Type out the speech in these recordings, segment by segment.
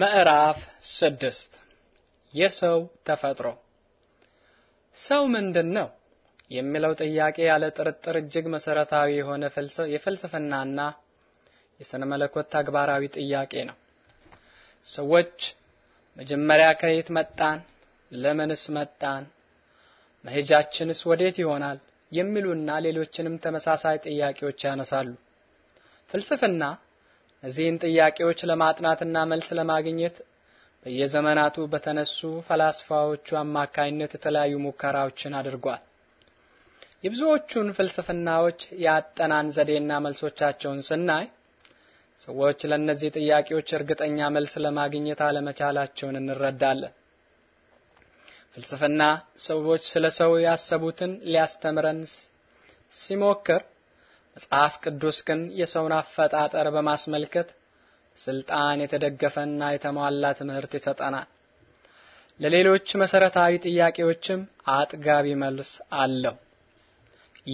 ምዕራፍ ስድስት የሰው ተፈጥሮ ሰው ምንድን ነው የሚለው ጥያቄ ያለ ጥርጥር እጅግ መሰረታዊ የሆነ የፍልስፍናና የስነ መለኮት ተግባራዊ ጥያቄ ነው። ሰዎች መጀመሪያ ከየት መጣን፣ ለምንስ መጣን፣ መሄጃችንስ ወዴት ይሆናል የሚሉና ሌሎችንም ተመሳሳይ ጥያቄዎች ያነሳሉ። ፍልስፍና እዚህን ጥያቄዎች ለማጥናትና መልስ ለማግኘት በየዘመናቱ በተነሱ ፈላስፋዎቹ አማካይነት የተለያዩ ሙከራዎችን አድርጓል። የብዙዎቹን ፍልስፍናዎች የአጠናን ዘዴና መልሶቻቸውን ስናይ ሰዎች ለእነዚህ ጥያቄዎች እርግጠኛ መልስ ለማግኘት አለመቻላቸውን እንረዳለን። ፍልስፍና ሰዎች ስለ ሰው ያሰቡትን ሊያስተምረን ሲሞክር መጽሐፍ ቅዱስ ግን የሰውን አፈጣጠር በማስመልከት ስልጣን የተደገፈና የተሟላ ትምህርት ይሰጠናል። ለሌሎች መሰረታዊ ጥያቄዎችም አጥጋቢ መልስ አለው።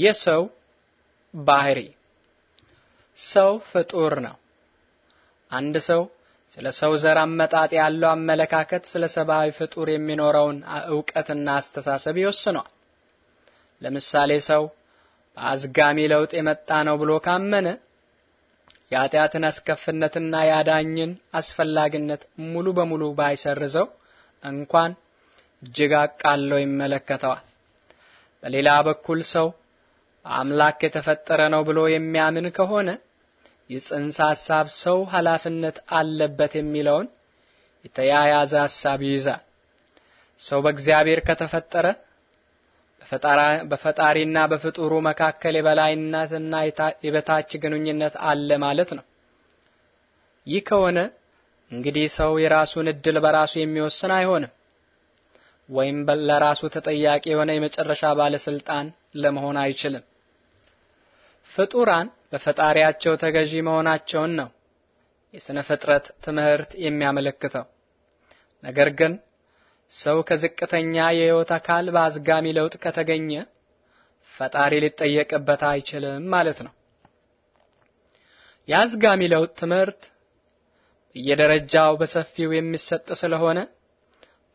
የሰው ባህሪ ሰው ፍጡር ነው። አንድ ሰው ስለ ሰው ዘር አመጣጥ ያለው አመለካከት ስለ ሰብአዊ ፍጡር የሚኖረውን እውቀትና አስተሳሰብ ይወስኗል። ለምሳሌ ሰው አዝጋሚ ለውጥ የመጣ ነው ብሎ ካመነ የኃጢአትን አስከፍነትና የአዳኝን አስፈላጊነት ሙሉ በሙሉ ባይሰርዘው እንኳን እጅግ አቃሎ ይመለከተዋል። በሌላ በኩል ሰው አምላክ የተፈጠረ ነው ብሎ የሚያምን ከሆነ የጽንሰ ሐሳብ ሰው ኃላፊነት አለበት የሚለውን የተያያዘ ሐሳብ ይይዛል። ሰው በእግዚአብሔር ከተፈጠረ በፈጣሪና በፍጡሩ መካከል የበላይነትና የበታች ግንኙነት አለ ማለት ነው። ይህ ከሆነ እንግዲህ ሰው የራሱን እድል በራሱ የሚወስን አይሆንም ወይም ለራሱ ተጠያቂ የሆነ የመጨረሻ ባለስልጣን ለመሆን አይችልም። ፍጡራን በፈጣሪያቸው ተገዢ መሆናቸውን ነው የሥነ ፍጥረት ትምህርት የሚያመለክተው። ነገር ግን ሰው ከዝቅተኛ የህይወት አካል በአዝጋሚ ለውጥ ከተገኘ ፈጣሪ ሊጠየቅበት አይችልም ማለት ነው። የአዝጋሚ ለውጥ ትምህርት በየደረጃው በሰፊው የሚሰጥ ስለሆነ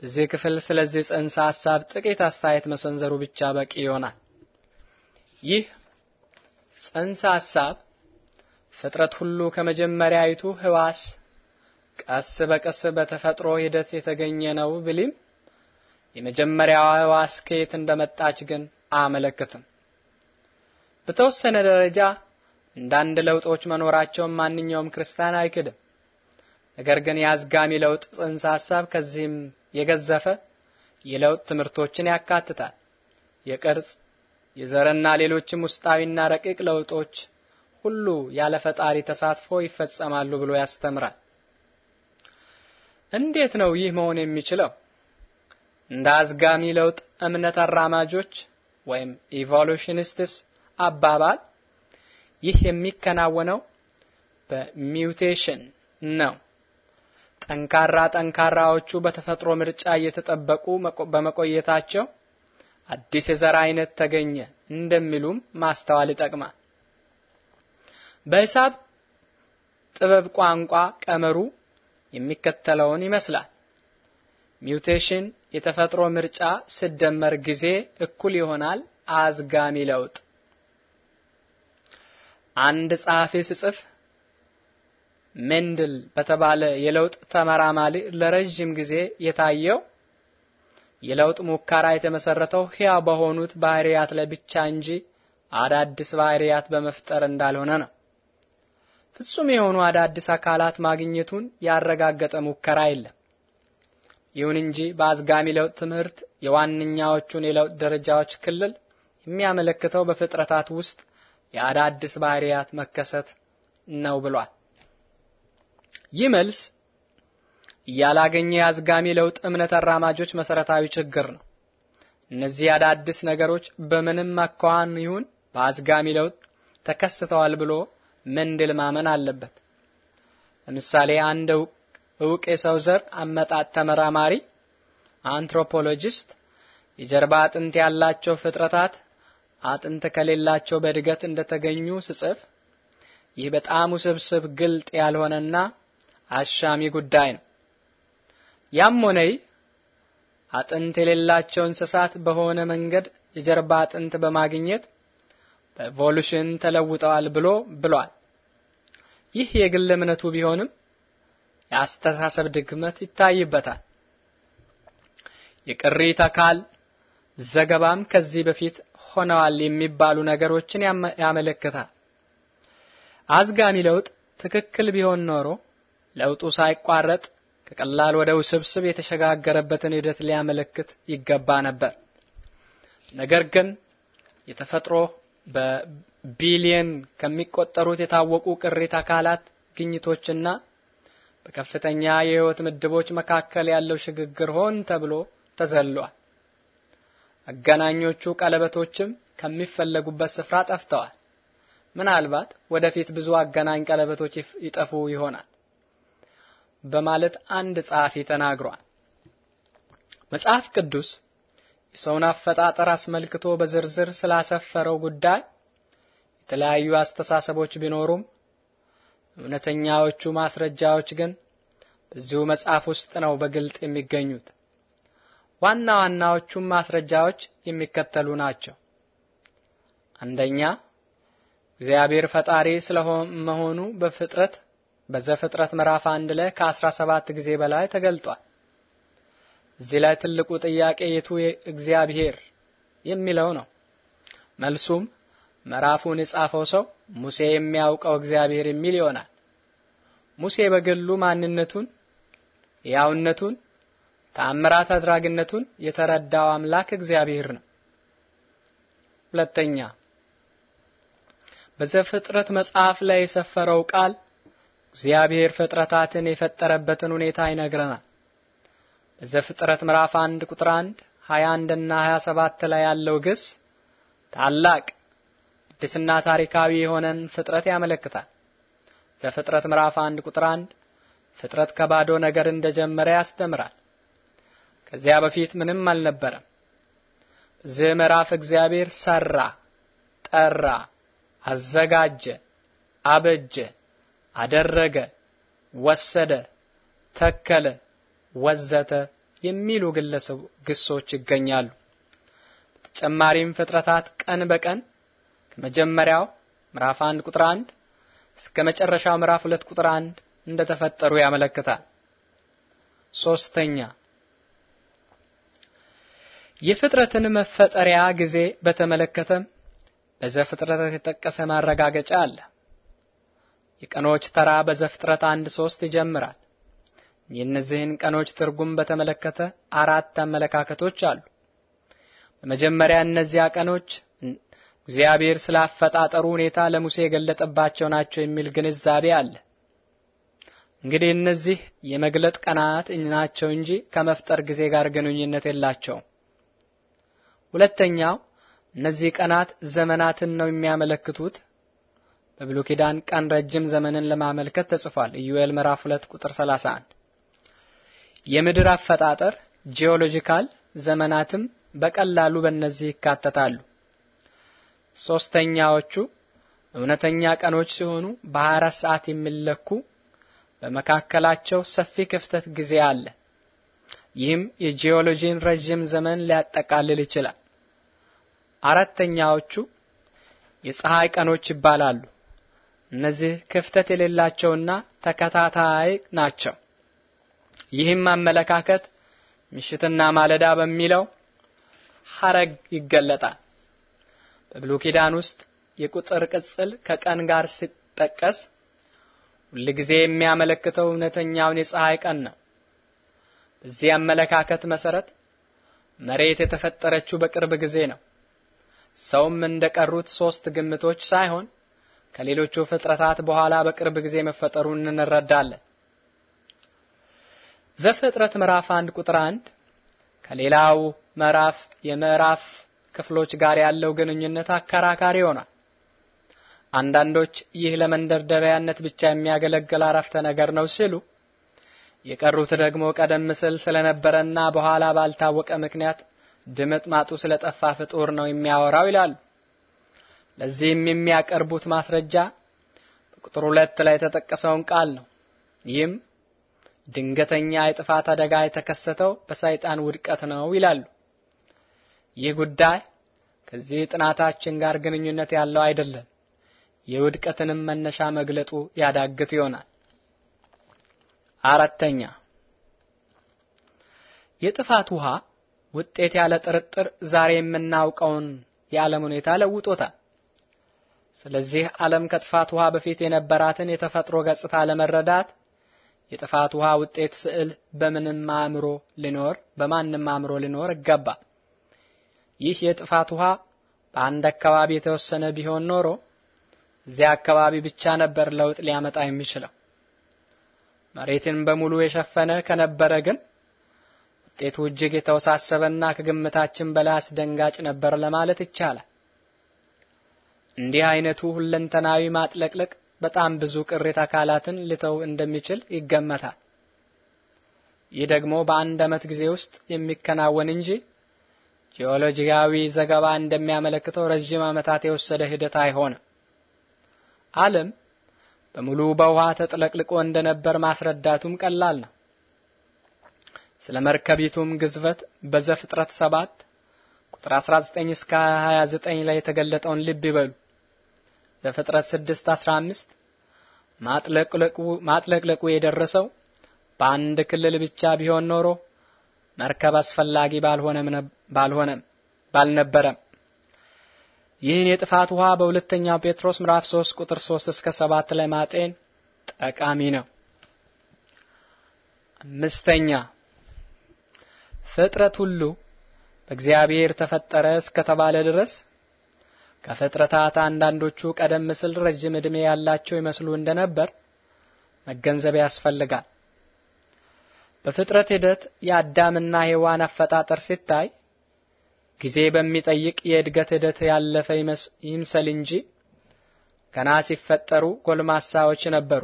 በዚህ ክፍል ስለዚህ ጽንሰ ሐሳብ ጥቂት አስተያየት መሰንዘሩ ብቻ በቂ ይሆናል። ይህ ጽንሰ ሐሳብ ፍጥረት ሁሉ ከመጀመሪያይቱ ህዋስ ቀስ በቀስ በተፈጥሮ ሂደት የተገኘ ነው ብሊም የመጀመሪያዋ ከየት እንደመጣች ግን አያመለክትም። በተወሰነ ደረጃ አንዳንድ ለውጦች መኖራቸውን ማንኛውም ክርስቲያን አይክድም። ነገር ግን የአዝጋሚ ለውጥ ጽንሰ ሐሳብ ከዚህም የገዘፈ የለውጥ ትምህርቶችን ያካትታል። የቅርጽ የዘርና ሌሎችም ውስጣዊና ረቂቅ ለውጦች ሁሉ ያለ ፈጣሪ ተሳትፎ ይፈጸማሉ ብሎ ያስተምራል። እንዴት ነው ይህ መሆን የሚችለው? እንደ አዝጋሚ ለውጥ እምነት አራማጆች ወይም ኢቮሉሽኒስትስ አባባል ይህ የሚከናወነው በሚውቴሽን ነው። ጠንካራ ጠንካራዎቹ በተፈጥሮ ምርጫ እየተጠበቁ በመቆየታቸው አዲስ የዘር አይነት ተገኘ እንደሚሉም ማስተዋል ይጠቅማል። በሂሳብ ጥበብ ቋንቋ ቀመሩ የሚከተለውን ይመስላል። ሚውቴሽን የተፈጥሮ ምርጫ ስደመር ጊዜ እኩል ይሆናል አዝጋሚ ለውጥ። አንድ ጸሐፊ ስጽፍ ሜንድል በተባለ የለውጥ ተመራማሪ ለረጅም ጊዜ የታየው የለውጥ ሙከራ የተመሰረተው ሕያው በሆኑት ባህሪያት ላይ ብቻ እንጂ አዳዲስ ባህሪያት በመፍጠር እንዳልሆነ ነው። ፍጹም የሆኑ አዳዲስ አካላት ማግኘቱን ያረጋገጠ ሙከራ የለም። ይሁን እንጂ በአዝጋሚ ለውጥ ትምህርት የዋነኛዎቹን የለውጥ ደረጃዎች ክልል የሚያመለክተው በፍጥረታት ውስጥ የአዳዲስ ባህሪያት መከሰት ነው ብሏል። ይህ መልስ ያላገኘ የአዝጋሚ ለውጥ እምነት አራማጆች መሰረታዊ ችግር ነው። እነዚህ አዳዲስ ነገሮች በምንም አኳኋን ይሁን በአዝጋሚ ለውጥ ተከስተዋል ብሎ መንድል ማመን አለበት። ለምሳሌ አንድ እውቅ የሰው ዘር አመጣጥ ተመራማሪ አንትሮፖሎጂስት የጀርባ አጥንት ያላቸው ፍጥረታት አጥንት ከሌላቸው በእድገት እንደተገኙ ስጽፍ ይህ በጣም ውስብስብ ግልጥ ያልሆነና አሻሚ ጉዳይ ነው። ያም ሆነ ይህ አጥንት የሌላቸው እንስሳት በሆነ መንገድ የጀርባ አጥንት በማግኘት በኢቮሉሽን ተለውጠዋል ብሎ ብሏል። ይህ የግል እምነቱ ቢሆንም የአስተሳሰብ ድግመት ይታይበታል። የቅሪት አካል ዘገባም ከዚህ በፊት ሆነዋል የሚባሉ ነገሮችን ያመለክታል። አዝጋሚ ለውጥ ትክክል ቢሆን ኖሮ ለውጡ ሳይቋረጥ ከቀላል ወደ ውስብስብ የተሸጋገረበትን ሂደት ሊያመለክት ይገባ ነበር። ነገር ግን የተፈጥሮ በቢሊየን ከሚቆጠሩት የታወቁ ቅሪት አካላት ግኝቶችና በከፍተኛ የህይወት ምድቦች መካከል ያለው ሽግግር ሆን ተብሎ ተዘሏል። አገናኞቹ ቀለበቶችም ከሚፈለጉበት ስፍራ ጠፍተዋል። ምናልባት ወደፊት ብዙ አገናኝ ቀለበቶች ይጠፉ ይሆናል በማለት አንድ ጸሐፊ ተናግሯል። መጽሐፍ ቅዱስ የሰውን አፈጣጠር አስመልክቶ በዝርዝር ስላሰፈረው ጉዳይ የተለያዩ አስተሳሰቦች ቢኖሩም እውነተኛዎቹ ማስረጃዎች ግን በዚሁ መጽሐፍ ውስጥ ነው በግልጥ የሚገኙት። ዋና ዋናዎቹም ማስረጃዎች የሚከተሉ ናቸው። አንደኛ እግዚአብሔር ፈጣሪ ስለመሆኑ በፍጥረት በዘፍጥረት ምዕራፍ አንድ ላይ ከ17 ጊዜ በላይ ተገልጧል። እዚህ ላይ ትልቁ ጥያቄ የቱ እግዚአብሔር የሚለው ነው። መልሱም ምዕራፉን የጻፈው ሰው ሙሴ የሚያውቀው እግዚአብሔር የሚል ይሆናል። ሙሴ በግሉ ማንነቱን፣ ያውነቱን፣ ተአምራት አድራጊነቱን የተረዳው አምላክ እግዚአብሔር ነው። ሁለተኛ በዘፍጥረት መጽሐፍ ላይ የሰፈረው ቃል እግዚአብሔር ፍጥረታትን የፈጠረበትን ሁኔታ ይነግረናል። በዘፍጥረት ምዕራፍ 1 ቁጥር 1፣ 21 እና 27 ላይ ያለው ግስ ታላቅ አዲስና ታሪካዊ የሆነን ፍጥረት ያመለክታል። ዘፍጥረት ምዕራፍ 1 ቁጥር 1 ፍጥረት ከባዶ ነገር እንደጀመረ ያስተምራል። ከዚያ በፊት ምንም አልነበረም። እዚህ ምዕራፍ እግዚአብሔር ሰራ፣ ጠራ፣ አዘጋጀ፣ አበጀ፣ አደረገ፣ ወሰደ፣ ተከለ፣ ወዘተ የሚሉ ግለሰብ ግሶች ይገኛሉ። በተጨማሪም ፍጥረታት ቀን በቀን ከመጀመሪያው ምዕራፍ 1 ቁጥር 1 እስከ መጨረሻው ምዕራፍ 2 ቁጥር 1 እንደተፈጠሩ ያመለክታል። ሶስተኛ የፍጥረትን መፈጠሪያ ጊዜ በተመለከተም በዘፍጥረት የተጠቀሰ ማረጋገጫ አለ። የቀኖች ተራ በዘፍጥረት አንድ ሶስት ይጀምራል። የእነዚህን ቀኖች ትርጉም በተመለከተ አራት አመለካከቶች አሉ። በመጀመሪያ እነዚያ ቀኖች እግዚአብሔር ስለ አፈጣጠሩ ሁኔታ ለሙሴ የገለጠባቸው ናቸው የሚል ግንዛቤ አለ። እንግዲህ እነዚህ የመግለጥ ቀናት ናቸው እንጂ ከመፍጠር ጊዜ ጋር ግንኙነት የላቸውም። ሁለተኛው እነዚህ ቀናት ዘመናትን ነው የሚያመለክቱት። በብሉይ ኪዳን ቀን ረጅም ዘመንን ለማመልከት ተጽፏል። ኢዩኤል ምዕራፍ 2 ቁጥር 31 የምድር አፈጣጠር ጂኦሎጂካል ዘመናትም በቀላሉ በእነዚህ ይካተታሉ። ሶስተኛዎቹ እውነተኛ ቀኖች ሲሆኑ በ አራት ሰዓት የሚለኩ በመካከላቸው ሰፊ ክፍተት ጊዜ አለ። ይህም የጂኦሎጂን ረዥም ዘመን ሊያጠቃልል ይችላል። አራተኛዎቹ የፀሐይ ቀኖች ይባላሉ። እነዚህ ክፍተት የሌላቸውና ተከታታይ ናቸው። ይህም አመለካከት ምሽትና ማለዳ በሚለው ሐረግ ይገለጣል። በብሉይ ኪዳን ውስጥ የቁጥር ቅጽል ከቀን ጋር ሲጠቀስ ሁልጊዜ የሚያመለክተው እውነተኛውን የፀሐይ ቀን ነው። በዚህ አመለካከት መሰረት መሬት የተፈጠረችው በቅርብ ጊዜ ነው። ሰውም እንደቀሩት ሶስት ግምቶች ሳይሆን ከሌሎቹ ፍጥረታት በኋላ በቅርብ ጊዜ መፈጠሩን እንረዳለን። ዘፍጥረት ምዕራፍ 1 ቁጥር 1 ከሌላው ምዕራፍ የምዕራፍ ክፍሎች ጋር ያለው ግንኙነት አከራካሪ ሆኗል። አንዳንዶች ይህ ለመንደርደሪያነት ብቻ የሚያገለግል አረፍተ ነገር ነው ሲሉ፣ የቀሩት ደግሞ ቀደም ሲል ስለነበረና በኋላ ባልታወቀ ምክንያት ማጡ ስለጠፋ ፍጡር ነው የሚያወራው ይላሉ። ለዚህም የሚያቀርቡት ማስረጃ በቁጥር ሁለት ላይ የተጠቀሰውን ቃል ነው። ይህም ድንገተኛ የጥፋት አደጋ የተከሰተው በሰይጣን ውድቀት ነው ይላሉ። ይህ ጉዳይ ከዚህ ጥናታችን ጋር ግንኙነት ያለው አይደለም። የውድቀትንም መነሻ መግለጡ ያዳግት ይሆናል። አራተኛ የጥፋት ውሃ ውጤት ያለ ጥርጥር ዛሬ የምናውቀውን የዓለም ሁኔታ ለውጦታል። ስለዚህ ዓለም ከጥፋት ውሃ በፊት የነበራትን የተፈጥሮ ገጽታ ለመረዳት የጥፋት ውሃ ውጤት ስዕል በምንም አእምሮ ሊኖር በማንም አእምሮ ሊኖር ይገባል። ይህ የጥፋት ውሃ በአንድ አካባቢ የተወሰነ ቢሆን ኖሮ እዚያ አካባቢ ብቻ ነበር ለውጥ ሊያመጣ የሚችለው። መሬትን በሙሉ የሸፈነ ከነበረ ግን ውጤቱ እጅግ የተወሳሰበና ከግምታችን በላይ አስደንጋጭ ነበር ለማለት ይቻላል። እንዲህ አይነቱ ሁለንተናዊ ማጥለቅለቅ በጣም ብዙ ቅሪት አካላትን ሊተው እንደሚችል ይገመታል። ይህ ደግሞ በአንድ ዓመት ጊዜ ውስጥ የሚከናወን እንጂ ጂኦሎጂያዊ ዘገባ እንደሚያመለክተው ረዥም ዓመታት የወሰደ ሂደት አይሆንም። ዓለም በሙሉ በውሃ ተጥለቅልቆ እንደነበር ማስረዳቱም ቀላል ነው። ስለ መርከቢቱም ግዝፈት በዘፍጥረት 7 ቁጥር 19 እስከ 29 ላይ የተገለጠውን ልብ ይበሉ። ዘፍጥረት 6 15 ማጥለቅለቁ ማጥለቅለቁ የደረሰው በአንድ ክልል ብቻ ቢሆን ኖሮ መርከብ አስፈላጊ ባልሆነም ነበር ባልሆነም ባልነበረም ይህን የጥፋት ውሃ በሁለተኛው ጴጥሮስ ምዕራፍ 3 ቁጥር 3 እስከ 7 ላይ ማጤን ጠቃሚ ነው። አምስተኛ ፍጥረት ሁሉ በእግዚአብሔር ተፈጠረ እስከተባለ ድረስ ከፍጥረታት አንዳንዶቹ ቀደም ሲል ረጅም ዕድሜ ያላቸው ይመስሉ እንደነበር መገንዘብ ያስፈልጋል። በፍጥረት ሂደት የአዳምና ሔዋን አፈጣጠር ሲታይ ጊዜ በሚጠይቅ የእድገት ሂደት ያለፈ ይምሰል እንጂ ገና ሲፈጠሩ ጎልማሳዎች ነበሩ።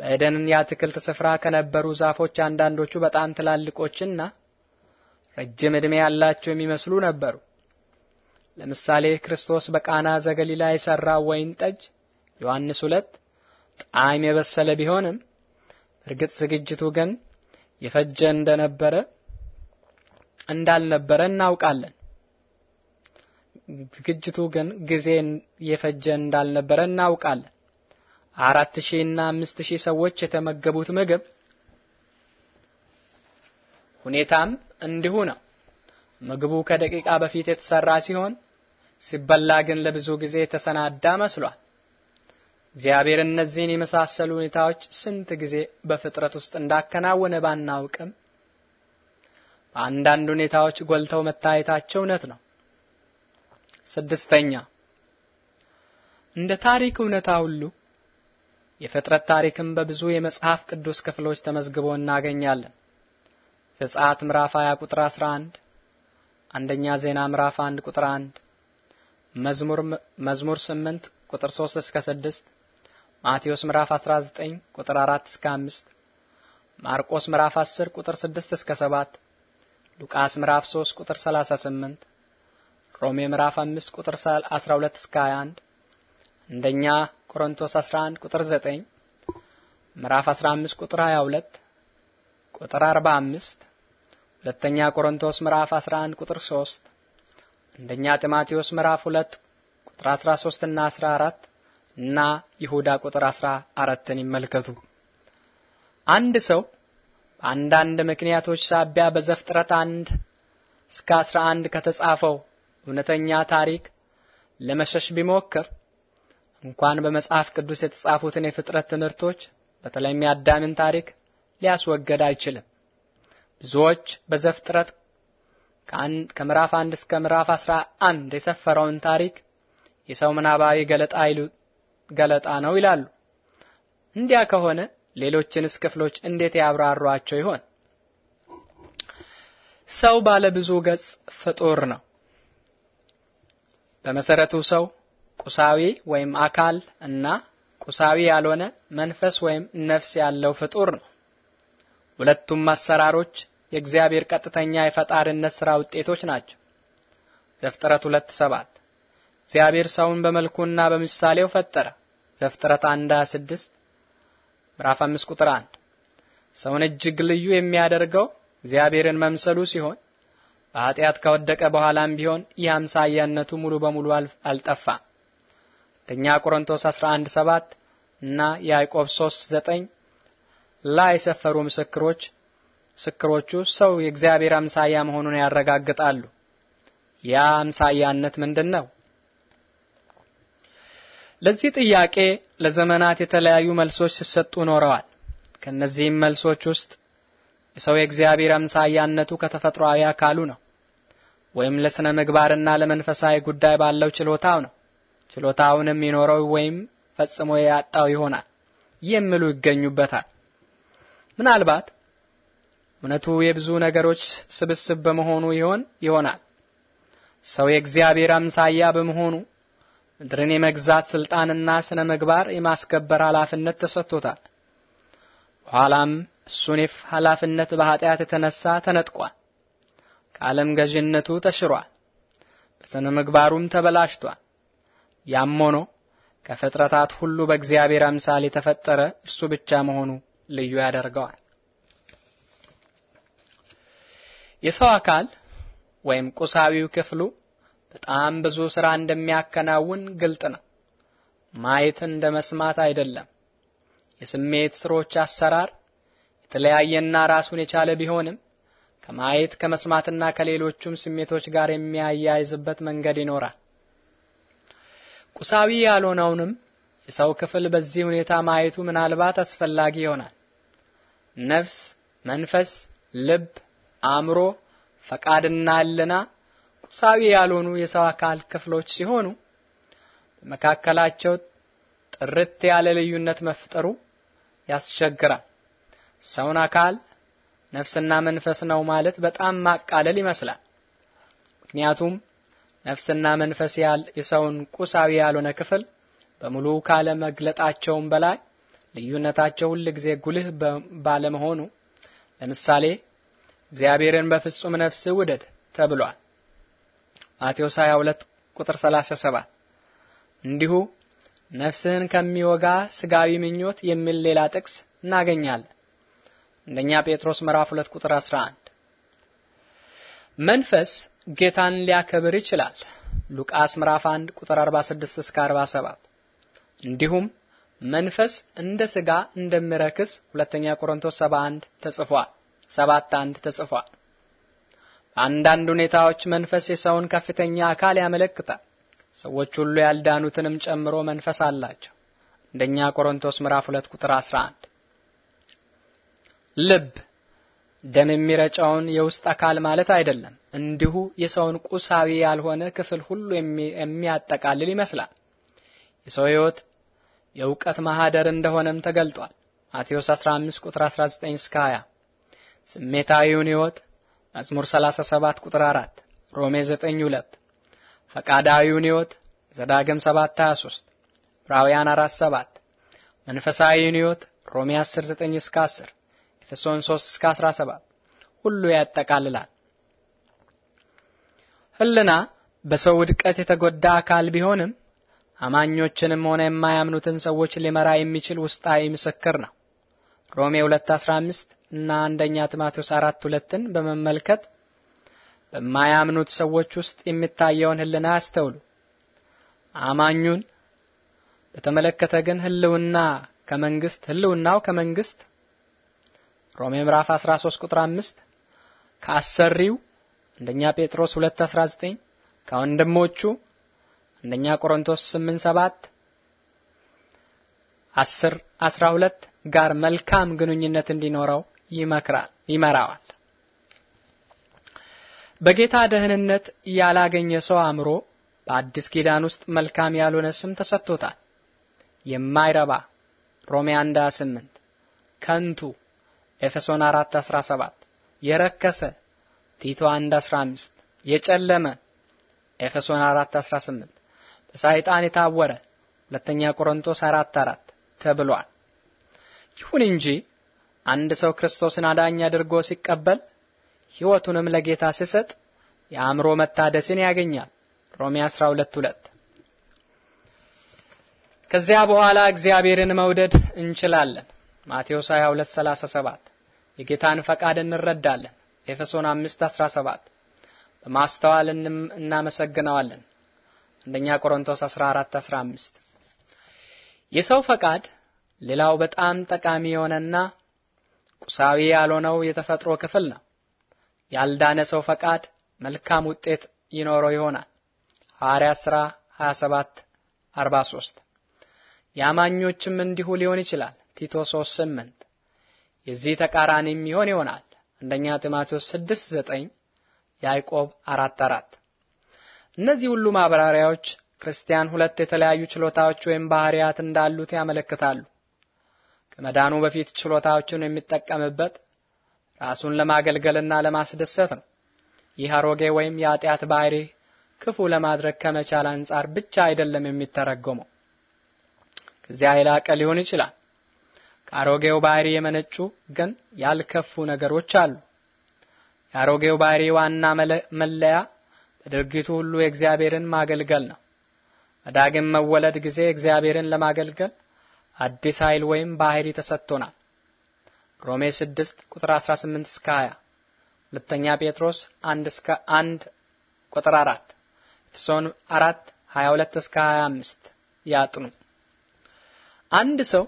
በኤደን የአትክልት ስፍራ ከነበሩ ዛፎች አንዳንዶቹ በጣም ትላልቆችና ረጅም ዕድሜ ያላቸው የሚመስሉ ነበሩ። ለምሳሌ ክርስቶስ በቃና ዘገሊላ የሰራው ወይን ጠጅ ዮሐንስ ሁለት ጣዕም የበሰለ ቢሆንም እርግጥ ዝግጅቱ ግን የፈጀ እንደነበረ እንዳልነበረ እናውቃለን። ዝግጅቱ ግን ጊዜ የፈጀ እንዳልነበረ እናውቃለን። አራት ሺህ እና አምስት ሺህ ሰዎች የተመገቡት ምግብ ሁኔታም እንዲሁ ነው። ምግቡ ከደቂቃ በፊት የተሰራ ሲሆን ሲበላ ግን ለብዙ ጊዜ የተሰናዳ መስሏል። እግዚአብሔር እነዚህን የመሳሰሉ ሁኔታዎች ስንት ጊዜ በፍጥረት ውስጥ እንዳከናወነ ባናውቅም አንዳንድ ሁኔታዎች ጎልተው መታየታቸው እውነት ነው። ስድስተኛ እንደ ታሪክ እውነታ ሁሉ የፍጥረት ታሪክም በብዙ የመጽሐፍ ቅዱስ ክፍሎች ተመዝግቦ እናገኛለን። ዘጸአት ምዕራፍ 20 ቁጥር 11፣ አንደኛ ዜና ምዕራፍ 1 ቁጥር 1፣ መዝሙር መዝሙር 8 ቁጥር 3 እስከ 6፣ ማቴዎስ ምዕራፍ 19 ቁጥር 4 እስከ 5፣ ማርቆስ ምዕራፍ 10 ቁጥር 6 እስከ 7 ሉቃስ ምዕራፍ 3 ቁጥር 38፣ ሮሜ ምዕራፍ 5 ቁጥር 12 እስከ 21፣ አንደኛ ቆሮንቶስ 11 ቁጥር 9፣ ምዕራፍ 15 ቁጥር 22 ቁጥር 45፣ ሁለተኛ ቆሮንቶስ ምዕራፍ 11 ቁጥር 3፣ አንደኛ ጢማቴዎስ ምዕራፍ 2 ቁጥር 13 እና 14 እና ይሁዳ ቁጥር 14ን ይመልከቱ። አንድ ሰው በአንዳንድ ምክንያቶች ሳቢያ በዘፍጥረት አንድ እስከ 11 ከተጻፈው እውነተኛ ታሪክ ለመሸሽ ቢሞክር እንኳን በመጽሐፍ ቅዱስ የተጻፉትን የፍጥረት ትምህርቶች በተለይም የአዳምን ታሪክ ሊያስወገድ አይችልም። ብዙዎች በዘፍጥረት ከምዕራፍ 1 እስከ ምዕራፍ 11 የሰፈረውን ታሪክ የሰው ምናባዊ ገለጣ ይሉ ገለጣ ነው ይላሉ። እንዲያ ከሆነ ሌሎችንስ ክፍሎች እንዴት ያብራሯቸው ይሆን? ሰው ባለ ብዙ ገጽ ፍጡር ነው። በመሰረቱ ሰው ቁሳዊ ወይም አካል እና ቁሳዊ ያልሆነ መንፈስ ወይም ነፍስ ያለው ፍጡር ነው። ሁለቱም አሰራሮች የእግዚአብሔር ቀጥተኛ የፈጣሪነት ስራ ውጤቶች ናቸው። ዘፍጥረት 2:7 እግዚአብሔር ሰውን በመልኩና በምሳሌው ፈጠረ። ዘፍጥረት 1:26 ምዕራፍ 5 ቁጥር 1 ሰውን እጅግ ልዩ የሚያደርገው እግዚአብሔርን መምሰሉ ሲሆን በኃጢአት ከወደቀ በኋላም ቢሆን ይህ አምሳያነቱ ሙሉ በሙሉ አልጠፋም። አንደኛ ቆሮንቶስ 11 7 እና ያዕቆብ 3 9 ላይ የሰፈሩ ምስክሮች ምስክሮቹ ሰው የእግዚአብሔር አምሳያ መሆኑን ያረጋግጣሉ። ያ አምሳያነት ምንድን ነው? ለዚህ ጥያቄ ለዘመናት የተለያዩ መልሶች ሲሰጡ ኖረዋል። ከነዚህም መልሶች ውስጥ የሰው የእግዚአብሔር አምሳያነቱ ከተፈጥሯዊ አካሉ ነው ወይም ለስነ ምግባርና ለመንፈሳዊ ጉዳይ ባለው ችሎታው ነው። ችሎታውንም ይኖረው ወይም ፈጽሞ ያጣው ይሆናል የሚሉ ይገኙበታል። ምናልባት እውነቱ የብዙ ነገሮች ስብስብ በመሆኑ ይሆን ይሆናል። ሰው የእግዚአብሔር አምሳያ በመሆኑ ምድርን የመግዛት ስልጣንና ስነ ምግባር የማስከበር ኃላፊነት ተሰጥቶታል። በኋላም እሱን ኃላፊነት በኃጢአት የተነሳ ተነጥቋል። ከዓለም ገዥነቱ ተሽሯል። በስነ ምግባሩም ተበላሽቷል። ያም ሆኖ ከፍጥረታት ሁሉ በእግዚአብሔር አምሳል የተፈጠረ እርሱ ብቻ መሆኑ ልዩ ያደርገዋል። የሰው አካል ወይም ቁሳዊው ክፍሉ በጣም ብዙ ሥራ እንደሚያከናውን ግልጥ ነው። ማየት እንደ መስማት አይደለም። የስሜት ስሮች አሰራር የተለያየና ራሱን የቻለ ቢሆንም ከማየት ከመስማትና ከሌሎቹም ስሜቶች ጋር የሚያያይዝበት መንገድ ይኖራል። ቁሳዊ ያልሆነውንም የሰው ክፍል በዚህ ሁኔታ ማየቱ ምናልባት አስፈላጊ ይሆናል። ነፍስ፣ መንፈስ፣ ልብ፣ አእምሮ፣ ፈቃድና ሕሊና ቁሳዊ ያልሆኑ የሰው አካል ክፍሎች ሲሆኑ በመካከላቸው ጥርት ያለ ልዩነት መፍጠሩ ያስቸግራል። ሰውን አካል ነፍስና መንፈስ ነው ማለት በጣም ማቃለል ይመስላል። ምክንያቱም ነፍስና መንፈስ ያል የሰውን ቁሳዊ ያልሆነ ክፍል በሙሉ ካለ መግለጣቸውም በላይ ልዩነታቸው ሁልጊዜ ጉልህ ባለመሆኑ ለምሳሌ እግዚአብሔርን በፍጹም ነፍስ ውደድ ተብሏል። ማቴዎስ 22 ቁጥር 37። እንዲሁ ነፍስህን ከሚወጋ ስጋዊ ምኞት የሚል ሌላ ጥቅስ እናገኛለን። አንደኛ ጴጥሮስ ምዕራፍ 2 ቁጥር 11። መንፈስ ጌታን ሊያከብር ይችላል። ሉቃስ ምዕራፍ 1 ቁጥር 46 እስከ 47። እንዲሁም መንፈስ እንደ ስጋ እንደሚረክስ ሁለተኛ ቆሮንቶስ 71 ተጽፏል 71 1 ተጽፏል። አንዳንድ ሁኔታዎች መንፈስ የሰውን ከፍተኛ አካል ያመለክታል። ሰዎች ሁሉ ያልዳኑትንም ጨምሮ መንፈስ አላቸው። አንደኛ ቆሮንቶስ ምዕራፍ 2 ቁጥር 11። ልብ ደም የሚረጨውን የውስጥ አካል ማለት አይደለም። እንዲሁ የሰውን ቁሳዊ ያልሆነ ክፍል ሁሉ የሚያጠቃልል ይመስላል። የሰው ሕይወት የእውቀት ማህደር እንደሆነም ተገልጧል። ማቴዎስ 15 ቁጥር 19 እስከ 20 ስሜታዊውን ሕይወት መዝሙር 37 ቁጥር 4፣ ሮሜ 9 2፣ ፈቃዳዊውን ሕይወት ዘዳግም 7 23፣ ዕብራውያን 4 7፣ መንፈሳዊውን ሕይወት ሮሜ 10 9 እስከ 10፣ ኤፌሶን 3 እስከ 17 ሁሉ ያጠቃልላል። ህልና በሰው ውድቀት የተጎዳ አካል ቢሆንም አማኞችንም ሆነ የማያምኑትን ሰዎች ሊመራ የሚችል ውስጣዊ ምስክር ነው። ሮሜ 2:15 እና አንደኛ ጢሞቴዎስ አራት ሁለትን በመመልከት በማያምኑት ሰዎች ውስጥ የሚታየውን ህልና ያስተውሉ። አማኙን በተመለከተ ግን ህልውና ከመንግስት ህልውናው ከመንግስት ሮሜ ምዕራፍ 13 ቁጥር 5 ከአሰሪው አንደኛ ጴጥሮስ 2:19 ከወንድሞቹ አንደኛ ቆሮንቶስ 7 10 12 ጋር መልካም ግንኙነት እንዲኖረው ይመራዋል። በጌታ ደህንነት ያላገኘ ሰው አእምሮ በአዲስ ኪዳን ውስጥ መልካም ያልሆነ ስም ተሰጥቶታል። የማይረባ ሮሜ 18 ከንቱ ኤፌሶን 4:17፣ የረከሰ ቲቶ 1:15፣ የጨለመ ኤፌሶን 4:18፣ በሰይጣን የታወረ ሁለተኛ ቆሮንቶስ 4:4 ተብሏል። ይሁን እንጂ አንድ ሰው ክርስቶስን አዳኝ አድርጎ ሲቀበል ሕይወቱንም ለጌታ ሲሰጥ የአእምሮ መታደስን ያገኛል። ሮሜ 12:2 ከዚያ በኋላ እግዚአብሔርን መውደድ እንችላለን። ማቴዎስ 22:37 የጌታን ፈቃድ እንረዳለን። ኤፌሶን 5:17 በማስተዋል እናመሰግነዋለን። አንደኛ ቆሮንቶስ 14:15 የሰው ፈቃድ ሌላው በጣም ጠቃሚ የሆነና ቁሳዊ ያልሆነው የተፈጥሮ ክፍል ነው። ያልዳነ ሰው ፈቃድ መልካም ውጤት ይኖረው ይሆናል። ሐዋርያ ሥራ 27 43 የአማኞችም እንዲሁ ሊሆን ይችላል። ቲቶ 3 8 የዚህ ተቃራኒም ይሆን ይሆናል። አንደኛ ጢሞቴዎስ 6 9 ያዕቆብ 4 4 እነዚህ ሁሉ ማብራሪያዎች ክርስቲያን ሁለት የተለያዩ ችሎታዎች ወይም ባህሪያት እንዳሉት ያመለክታሉ። ከመዳኑ በፊት ችሎታዎቹን የሚጠቀምበት ራሱን ለማገልገልና ለማስደሰት ነው። ይህ አሮጌ ወይም የኃጢአት ባህሪ ክፉ ለማድረግ ከመቻል አንጻር ብቻ አይደለም የሚተረጎመው፣ ከዚያ የላቀ ሊሆን ይችላል። ከአሮጌው ባህሪ የመነጩ ግን ያልከፉ ነገሮች አሉ። የአሮጌው ባህሪ ዋና መለያ በድርጊቱ ሁሉ የእግዚአብሔርን ማገልገል ነው። በዳግም መወለድ ጊዜ እግዚአብሔርን ለማገልገል አዲስ ኃይል ወይም ባህሪ ተሰጥቶናል። ሮሜ 6 ቁጥር 18 እስከ 20 ሁለተኛ ጴጥሮስ 1 እስከ 1 ቁጥር 4 ኤፌሶን 4 22 እስከ 25 ያጥኑ። አንድ ሰው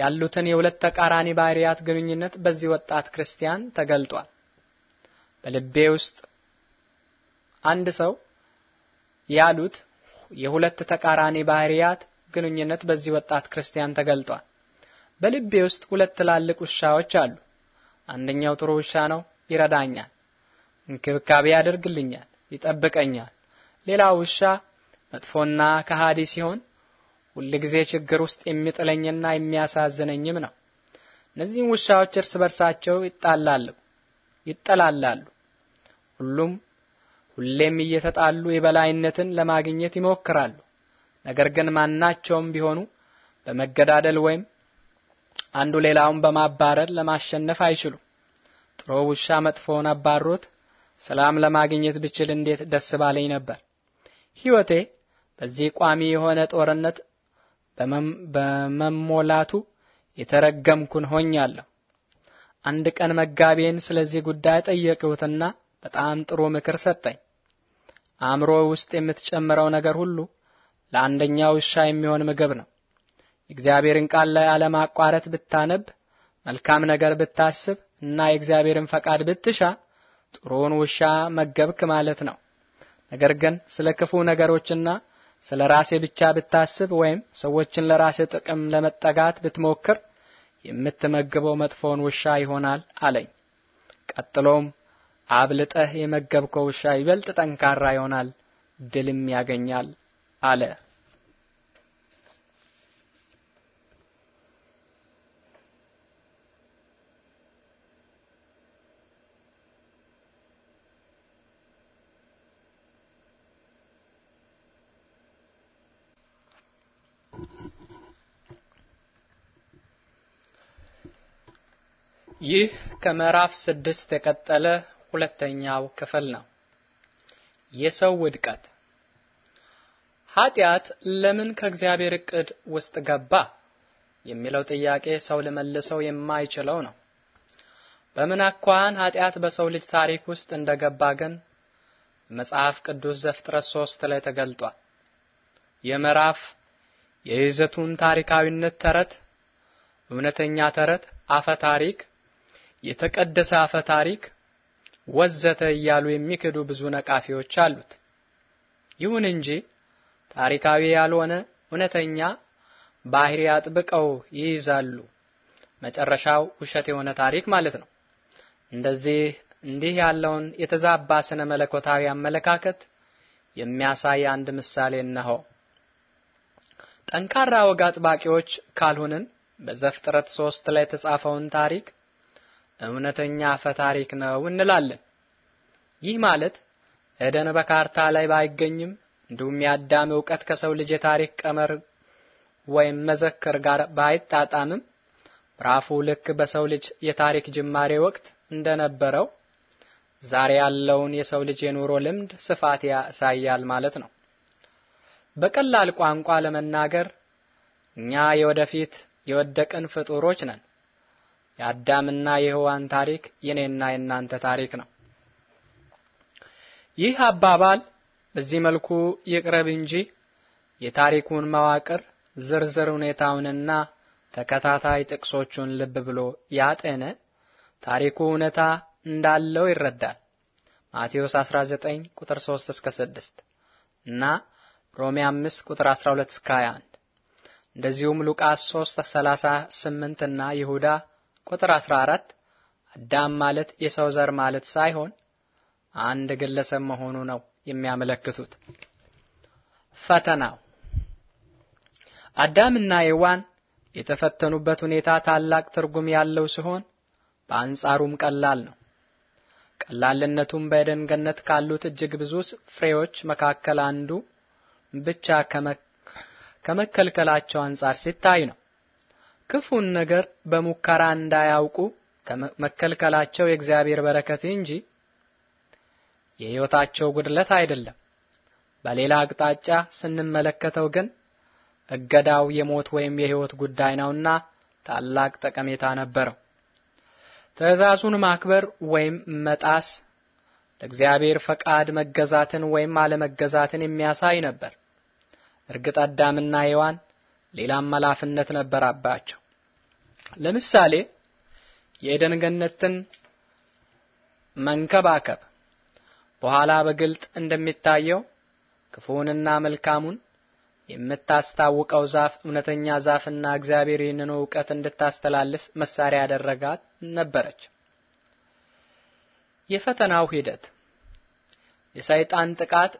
ያሉትን የሁለት ተቃራኒ ባህሪያት ግንኙነት በዚህ ወጣት ክርስቲያን ተገልጧል። በልቤ ውስጥ አንድ ሰው ያሉት የሁለት ተቃራኒ ባህሪያት ግንኙነት በዚህ ወጣት ክርስቲያን ተገልጧል። በልቤ ውስጥ ሁለት ትላልቅ ውሻዎች አሉ። አንደኛው ጥሩ ውሻ ነው፣ ይረዳኛል፣ እንክብካቤ ያደርግልኛል፣ ይጠብቀኛል። ሌላው ውሻ መጥፎና ከሃዲ ሲሆን ሁልጊዜ ችግር ውስጥ የሚጥለኝና የሚያሳዝነኝም ነው። እነዚህም ውሻዎች እርስ በርሳቸው ይጣላሉ ይጠላላሉ። ሁሉም ሁሌም እየተጣሉ የበላይነትን ለማግኘት ይሞክራሉ። ነገር ግን ማናቸውም ቢሆኑ በመገዳደል ወይም አንዱ ሌላውን በማባረር ለማሸነፍ አይችሉም። ጥሩ ውሻ መጥፎውን አባሮት ሰላም ለማግኘት ብችል እንዴት ደስ ባለኝ ነበር። ሕይወቴ በዚህ ቋሚ የሆነ ጦርነት በመሞላቱ የተረገምኩን ሆኛለሁ። አንድ ቀን መጋቢን ስለዚህ ጉዳይ ጠየቅሁትና በጣም ጥሩ ምክር ሰጠኝ። አእምሮ ውስጥ የምትጨምረው ነገር ሁሉ ለአንደኛው ውሻ የሚሆን ምግብ ነው። የእግዚአብሔርን ቃል ላይ አለማቋረጥ ብታነብ፣ መልካም ነገር ብታስብ እና የእግዚአብሔርን ፈቃድ ብትሻ ጥሩውን ውሻ መገብክ ማለት ነው። ነገር ግን ስለ ክፉ ነገሮችና ስለ ራሴ ብቻ ብታስብ ወይም ሰዎችን ለራሴ ጥቅም ለመጠጋት ብትሞክር የምትመግበው መጥፎውን ውሻ ይሆናል አለኝ። ቀጥሎም አብልጠህ የመገብከው ውሻ ይበልጥ ጠንካራ ይሆናል፣ ድልም ያገኛል አለ። ይህ ከምዕራፍ ስድስት የቀጠለ ሁለተኛው ክፍል ነው። የሰው ውድቀት ኃጢአት ለምን ከእግዚአብሔር እቅድ ውስጥ ገባ የሚለው ጥያቄ ሰው ሊመልሰው የማይችለው ነው። በምን አኳን ኃጢአት በሰው ልጅ ታሪክ ውስጥ እንደገባ ግን መጽሐፍ ቅዱስ ዘፍጥረት ሶስት ላይ ተገልጧል። የምዕራፍ የይዘቱን ታሪካዊነት ተረት፣ እውነተኛ ተረት፣ አፈ ታሪክ፣ የተቀደሰ አፈ ታሪክ ወዘተ እያሉ የሚክዱ ብዙ ነቃፊዎች አሉት። ይሁን እንጂ ታሪካዊ ያልሆነ እውነተኛ ባህሪ አጥብቀው ይይዛሉ። መጨረሻው ውሸት የሆነ ታሪክ ማለት ነው። እንደዚህ እንዲህ ያለውን የተዛባ ስነ መለኮታዊ አመለካከት የሚያሳይ አንድ ምሳሌ እነሆ። ጠንካራ ወግ አጥባቂዎች ካልሆንን በዘፍጥረት ሶስት ላይ የተጻፈውን ታሪክ እውነተኛ አፈ ታሪክ ነው እንላለን። ይህ ማለት ኤደን በካርታ ላይ ባይገኝም እንዲሁም የአዳም እውቀት ከሰው ልጅ የታሪክ ቀመር ወይም መዘክር ጋር ባይጣጣምም ምዕራፉ ልክ በሰው ልጅ የታሪክ ጅማሬ ወቅት እንደነበረው ዛሬ ያለውን የሰው ልጅ የኑሮ ልምድ ስፋት ያሳያል ማለት ነው። በቀላል ቋንቋ ለመናገር እኛ የወደፊት የወደቅን ፍጡሮች ነን። የአዳምና የሔዋን ታሪክ የኔና የእናንተ ታሪክ ነው። ይህ አባባል በዚህ መልኩ ይቅረብ እንጂ የታሪኩን መዋቅር ዝርዝር ሁኔታውንና ተከታታይ ጥቅሶቹን ልብ ብሎ ያጠነ ታሪኩ እውነታ እንዳለው ይረዳል። ማቴዎስ 19 ቁጥር 3 እስከ 6 እና ሮሜ 5 ቁጥር 12 እስከ 21 እንደዚሁም ሉቃስ 3 38 እና ይሁዳ ቁጥር 14 አዳም ማለት የሰው ዘር ማለት ሳይሆን አንድ ግለሰብ መሆኑ ነው። የሚያመለክቱት። ፈተናው አዳምና ሔዋን የተፈተኑበት ሁኔታ ታላቅ ትርጉም ያለው ሲሆን በአንጻሩም ቀላል ነው። ቀላልነቱም በኤደን ገነት ካሉት እጅግ ብዙ ፍሬዎች መካከል አንዱ ብቻ ከመከልከላቸው አንጻር ሲታይ ነው። ክፉን ነገር በሙከራ እንዳያውቁ ከመከልከላቸው የእግዚአብሔር በረከት እንጂ የህይወታቸው ጉድለት አይደለም። በሌላ አቅጣጫ ስንመለከተው ግን እገዳው የሞት ወይም የህይወት ጉዳይ ነውና ታላቅ ጠቀሜታ ነበረው። ትእዛዙን ማክበር ወይም መጣስ ለእግዚአብሔር ፈቃድ መገዛትን ወይም አለመገዛትን የሚያሳይ ነበር። እርግጥ አዳምና ሔዋን ሌላም ኃላፊነት ነበረባቸው። ለምሳሌ የኤደን ገነትን መንከባከብ በኋላ በግልጥ እንደሚታየው ክፉንና መልካሙን የምታስታውቀው ዛፍ እውነተኛ ዛፍና እግዚአብሔር ይህንን እውቀት እንድታስተላልፍ መሳሪያ ያደረጋት ነበረች። የፈተናው ሂደት የሰይጣን ጥቃት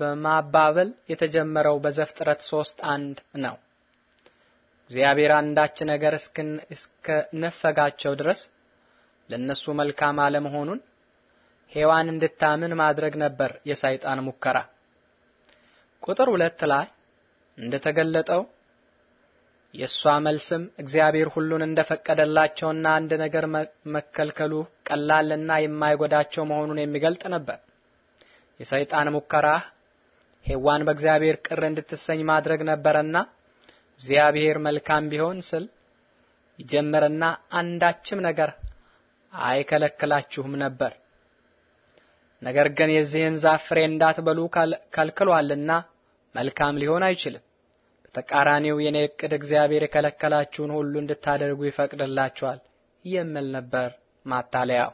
በማባበል የተጀመረው በዘፍጥረት ሶስት አንድ ነው። እግዚአብሔር አንዳች ነገር እስከ ነፈጋቸው ድረስ ለእነሱ መልካም አለመሆኑን ሔዋን እንድታምን ማድረግ ነበር የሰይጣን ሙከራ። ቁጥር ሁለት ላይ እንደተገለጠው የእሷ መልስም እግዚአብሔር ሁሉን እንደፈቀደላቸውና አንድ ነገር መከልከሉ ቀላልና የማይጎዳቸው መሆኑን የሚገልጥ ነበር። የሰይጣን ሙከራ ሔዋን በእግዚአብሔር ቅር እንድትሰኝ ማድረግ ነበረና እግዚአብሔር መልካም ቢሆን ስል ይጀምርና አንዳችም ነገር አይከለክላችሁም ነበር ነገር ግን የዚህን ዛፍ ፍሬ እንዳትበሉ ከልክሏልና መልካም ሊሆን አይችልም። በተቃራኒው የኔ እቅድ እግዚአብሔር የከለከላችሁን ሁሉ እንድታደርጉ ይፈቅድላችኋል የሚል ነበር። ማታለያው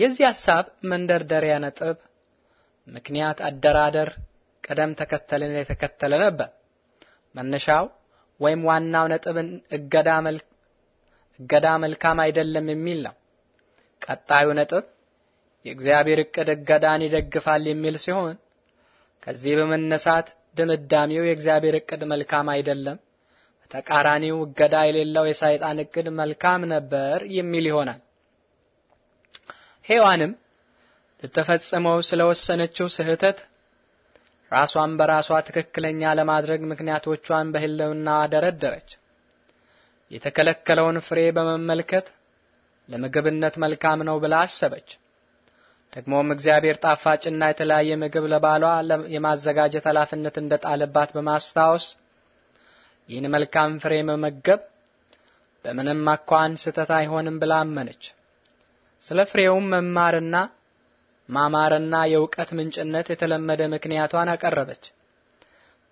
የዚህ ሐሳብ መንደርደሪያ ነጥብ ምክንያት አደራደር ቅደም ተከተልን የተከተለ ነበር። መነሻው ወይም ዋናው ነጥብን እገዳ መልካም አይደለም የሚል ነው። ቀጣዩ ነጥብ የእግዚአብሔር እቅድ እገዳን ይደግፋል የሚል ሲሆን ከዚህ በመነሳት ድምዳሜው የእግዚአብሔር እቅድ መልካም አይደለም፣ በተቃራኒው እገዳ የሌለው የሰይጣን እቅድ መልካም ነበር የሚል ይሆናል። ሔዋንም ልትፈጽመው ስለወሰነችው ስህተት ራሷን በራሷ ትክክለኛ ለማድረግ ምክንያቶቿን በህልውና ደረደረች። የተከለከለውን ፍሬ በመመልከት ለምግብነት መልካም ነው ብላ አሰበች። ደግሞም እግዚአብሔር ጣፋጭና የተለያየ ምግብ ለባሏ የማዘጋጀት ኃላፊነት እንደጣለባት በማስታወስ ይህን መልካም ፍሬ መመገብ በምንም አኳን ስህተት አይሆንም ብላ አመነች። ስለ ፍሬውም መማርና ማማርና የእውቀት ምንጭነት የተለመደ ምክንያቷን አቀረበች።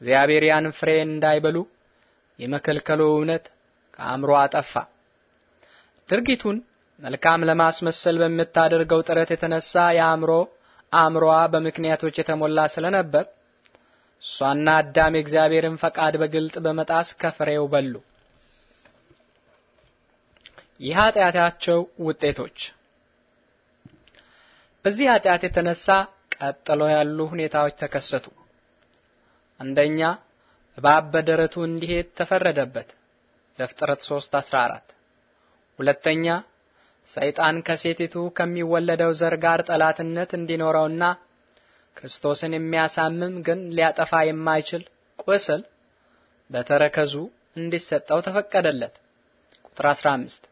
እግዚአብሔር ያን ፍሬ እንዳይበሉ የመከልከሉ እውነት ከአእምሮ አጠፋ። ድርጊቱን መልካም ለማስመሰል በምታደርገው ጥረት የተነሳ የአእምሮ አእምሮዋ በምክንያቶች የተሞላ ስለነበር እሷና አዳም የእግዚአብሔርን ፈቃድ በግልጥ በመጣስ ከፍሬው በሉ። የኃጢአታቸው ውጤቶች በዚህ ኃጢአት የተነሳ ቀጥሎ ያሉ ሁኔታዎች ተከሰቱ። አንደኛ እባብ በደረቱ እንዲሄድ ተፈረደበት፣ ዘፍጥረት 3:14። ሁለተኛ ሰይጣን ከሴቲቱ ከሚወለደው ዘር ጋር ጠላትነት እንዲኖረውና ክርስቶስን የሚያሳምም ግን ሊያጠፋ የማይችል ቁስል በተረከዙ እንዲሰጠው ተፈቀደለት። ቁጥር 15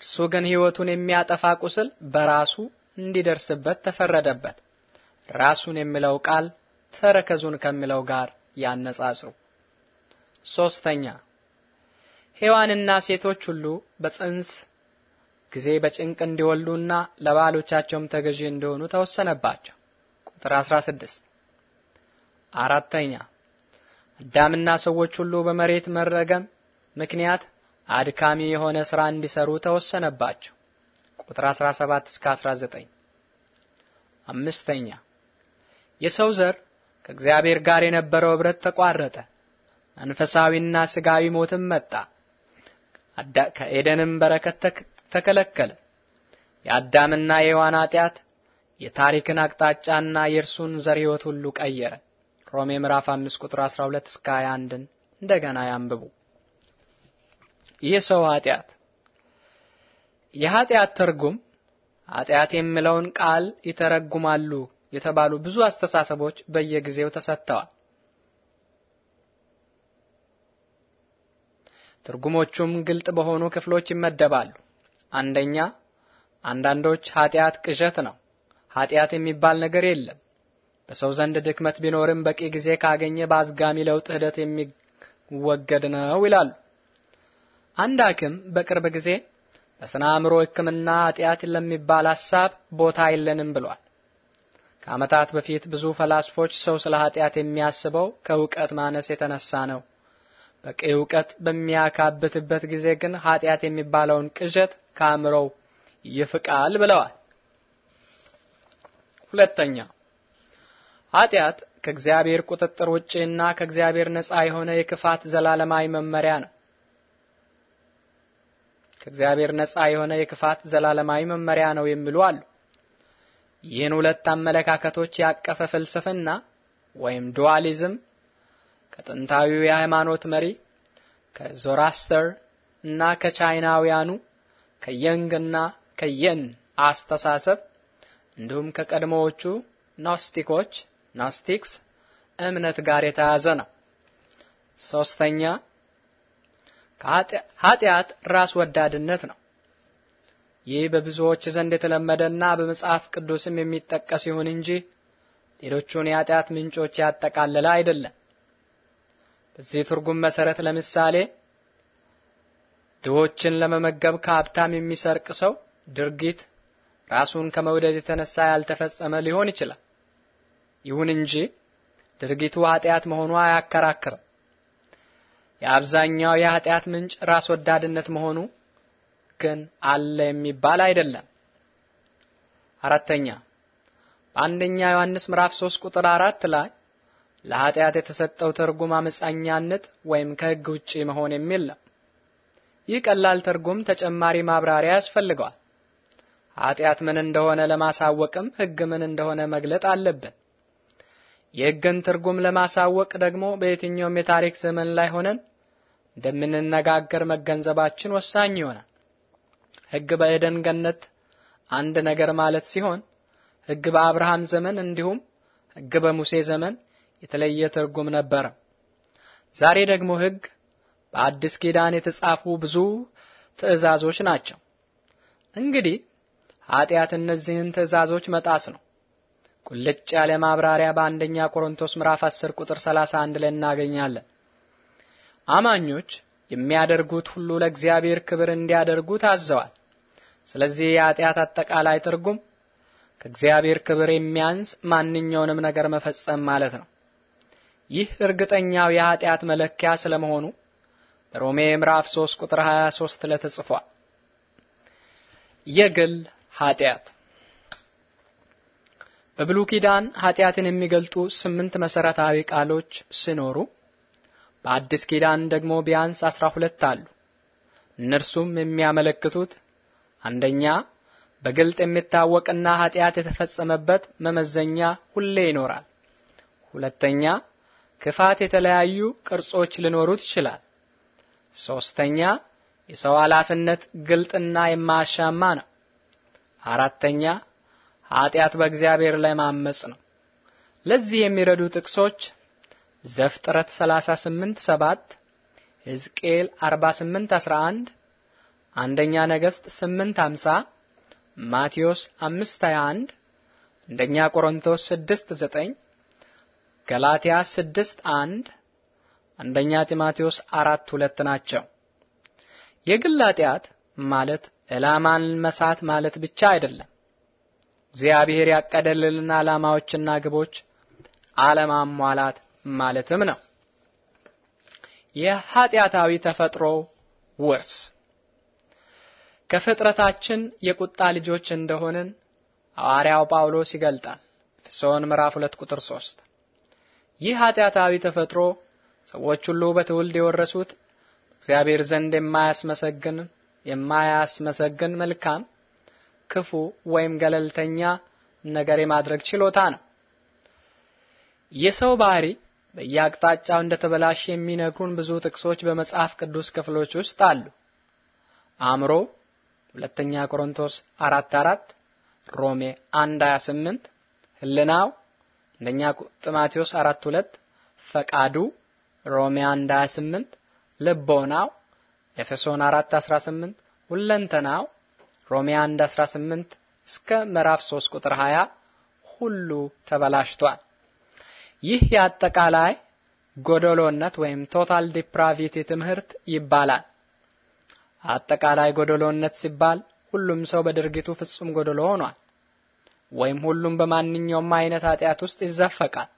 እርሱ ግን ሕይወቱን የሚያጠፋ ቁስል በራሱ እንዲደርስበት ተፈረደበት። ራሱን የሚለው ቃል ተረከዙን ከሚለው ጋር ያነጻጽሩ። ሶስተኛ ሔዋንና ሴቶች ሁሉ በጽንስ ጊዜ በጭንቅ እንዲወልዱና ለባሎቻቸውም ተገዢ እንዲሆኑ ተወሰነባቸው። ቁጥር 16 አራተኛ አዳምና ሰዎች ሁሉ በመሬት መረገም ምክንያት አድካሚ የሆነ ስራ እንዲሰሩ ተወሰነባቸው። ቁጥር 17 እስከ 19 አምስተኛ የሰው ዘር ከእግዚአብሔር ጋር የነበረው ህብረት ተቋረጠ። መንፈሳዊና ስጋዊ ሞትም መጣ። ከኤደንም በረከት ተከለከለ። የአዳምና የሔዋን ኃጢአት የታሪክን አቅጣጫና የእርሱን ዘር ሕይወት ሁሉ ቀየረ። ሮሜ ምዕራፍ 5 ቁጥር 12 እስከ 21 እንደገና ያንብቡ። ይህ ሰው ኃጢአት የኃጢአት ትርጉም ኃጢአት የሚለውን ቃል ይተረጉማሉ የተባሉ ብዙ አስተሳሰቦች በየጊዜው ተሰጥተዋል። ትርጉሞቹም ግልጥ በሆኑ ክፍሎች ይመደባሉ። አንደኛ አንዳንዶች ኃጢአት ቅዠት ነው፣ ኃጢአት የሚባል ነገር የለም። በሰው ዘንድ ድክመት ቢኖርም በቂ ጊዜ ካገኘ በአዝጋሚ ለውጥ ሂደት የሚወገድ ነው ይላሉ። አንድ ሐኪም በቅርብ ጊዜ በስነ አእምሮ ሕክምና ኃጢአት ለሚባል ሐሳብ ቦታ የለንም ብሏል። ከዓመታት በፊት ብዙ ፈላስፎች ሰው ስለ ኃጢአት የሚያስበው ከእውቀት ማነስ የተነሳ ነው። በቂ እውቀት በሚያካብትበት ጊዜ ግን ኃጢአት የሚባለውን ቅዠት ከአእምሮው ይፍቃል ብለዋል። ሁለተኛ ኃጢአት ከእግዚአብሔር ቁጥጥር ውጪና ከእግዚአብሔር ነፃ የሆነ የክፋት ዘላለማዊ መመሪያ ነው። ከእግዚአብሔር ነፃ የሆነ የክፋት ዘላለማዊ መመሪያ ነው የሚሉ አሉ። ይህን ሁለት አመለካከቶች ያቀፈ ፍልስፍና ወይም ዱዋሊዝም ከጥንታዊው የሃይማኖት መሪ ከዞራስተር እና ከቻይናውያኑ ከየንግና ከየን አስተሳሰብ እንዲሁም ከቀድሞዎቹ ኖስቲኮች ኖስቲክስ እምነት ጋር የተያዘ ነው። ሶስተኛ ከኃጢአት ራስ ወዳድነት ነው። ይህ በብዙዎች ዘንድ የተለመደና በመጽሐፍ ቅዱስም የሚጠቀስ ይሁን እንጂ ሌሎቹን የኃጢአት ምንጮች ያጠቃለለ አይደለም። በዚህ ትርጉም መሰረት ለምሳሌ ድሆችን ለመመገብ ከሀብታም የሚሰርቅ ሰው ድርጊት ራሱን ከመውደድ የተነሳ ያልተፈጸመ ሊሆን ይችላል። ይሁን እንጂ ድርጊቱ ኃጢአት መሆኑ አያከራክርም። የአብዛኛው የኃጢአት ምንጭ ራስ ወዳድነት መሆኑ ግን አለ የሚባል አይደለም። አራተኛ በአንደኛ ዮሐንስ ምዕራፍ 3 ቁጥር 4 ላይ ለኃጢአት የተሰጠው ትርጉም አመጻኛነት ወይም ከሕግ ውጪ መሆን የሚል ነው። ይህ ቀላል ትርጉም ተጨማሪ ማብራሪያ ያስፈልገዋል። ኃጢአት ምን እንደሆነ ለማሳወቅም ሕግ ምን እንደሆነ መግለጥ አለብን። የሕግን ትርጉም ለማሳወቅ ደግሞ በየትኛውም የታሪክ ዘመን ላይ ሆነን እንደምንነጋገር መገንዘባችን ወሳኝ ይሆናል። ሕግ በኤደን ገነት አንድ ነገር ማለት ሲሆን ሕግ በአብርሃም ዘመን እንዲሁም ሕግ በሙሴ ዘመን የተለየ ትርጉም ነበረ። ዛሬ ደግሞ ሕግ በአዲስ ኪዳን የተጻፉ ብዙ ትእዛዞች ናቸው። እንግዲህ ኃጢአት እነዚህን ትእዛዞች መጣስ ነው። ቁልጭ ያለ ማብራሪያ በአንደኛ ቆሮንቶስ ምዕራፍ 10 ቁጥር 31 ላይ እናገኛለን። አማኞች የሚያደርጉት ሁሉ ለእግዚአብሔር ክብር እንዲያደርጉ ታዘዋል። ስለዚህ የኃጢአት አጠቃላይ ትርጉም ከእግዚአብሔር ክብር የሚያንስ ማንኛውንም ነገር መፈጸም ማለት ነው። ይህ እርግጠኛው የኃጢአት መለኪያ ስለመሆኑ ሮሜ ምዕራፍ 3 ቁጥር 23 ለተጽፏል። የግል ኃጢአት በብሉ ኪዳን ኃጢአትን የሚገልጡ ስምንት መሰረታዊ ቃሎች ሲኖሩ በአዲስ ኪዳን ደግሞ ቢያንስ 12 አሉ። እነርሱም የሚያመለክቱት አንደኛ በግልጥ የሚታወቅና ኃጢአት የተፈጸመበት መመዘኛ ሁሌ ይኖራል። ሁለተኛ ክፋት የተለያዩ ቅርጾች ሊኖሩት ይችላል። ሶስተኛ የሰው ኃላፊነት ግልጥና የማያሻማ ነው። አራተኛ ኃጢአት በእግዚአብሔር ላይ ማመጽ ነው። ለዚህ የሚረዱ ጥቅሶች ዘፍጥረት 38 7፣ ሕዝቅኤል 48 11፣ አንደኛ ነገሥት 8 50፣ ማቴዎስ 5 21፣ አንደኛ ቆሮንቶስ 6 9፣ ገላትያ 6 1 አንደኛ ጢማቴዎስ አራት ሁለት ናቸው። የግል ኃጢአት ማለት ዕላማን መሳት ማለት ብቻ አይደለም። እግዚአብሔር ያቀደልልን ዓላማዎችና ግቦች አለማሟላት ማለትም ነው። የኃጢአታዊ ተፈጥሮ ውርስ ከፍጥረታችን የቁጣ ልጆች እንደሆንን ሐዋርያው ጳውሎስ ይገልጣል። ኤፌሶን ምዕራፍ 2 ቁጥር 3 ይህ ኃጢአታዊ ተፈጥሮ ሰዎች ሁሉ በትውልድ የወረሱት እግዚአብሔር ዘንድ የማያስመሰግን የማያስመሰግን መልካም፣ ክፉ ወይም ገለልተኛ ነገር የማድረግ ችሎታ ነው። የሰው ባህሪ በየአቅጣጫው እንደተበላሸ የሚነግሩን ብዙ ጥቅሶች በመጽሐፍ ቅዱስ ክፍሎች ውስጥ አሉ። አእምሮ ሁለተኛ ቆሮንቶስ 44 ሮሜ 128 ህልናው አንደኛ ጢሞቴዎስ 4 2 ፈቃዱ ሮሜ 1 28 ልቦናው ኤፌሶን 4 18 ሁለንተናው ሮሜ 1 18 እስከ ምዕራፍ 3 ቁጥር 20 ሁሉ ተበላሽቷል። ይህ የአጠቃላይ ጎደሎነት ወይም ቶታል ዲፕራቪቲ ትምህርት ይባላል። አጠቃላይ ጎደሎነት ሲባል ሁሉም ሰው በድርጊቱ ፍጹም ጎደሎ ሆኗል፣ ወይም ሁሉም በማንኛውም አይነት ኃጢአት ውስጥ ይዘፈቃል፣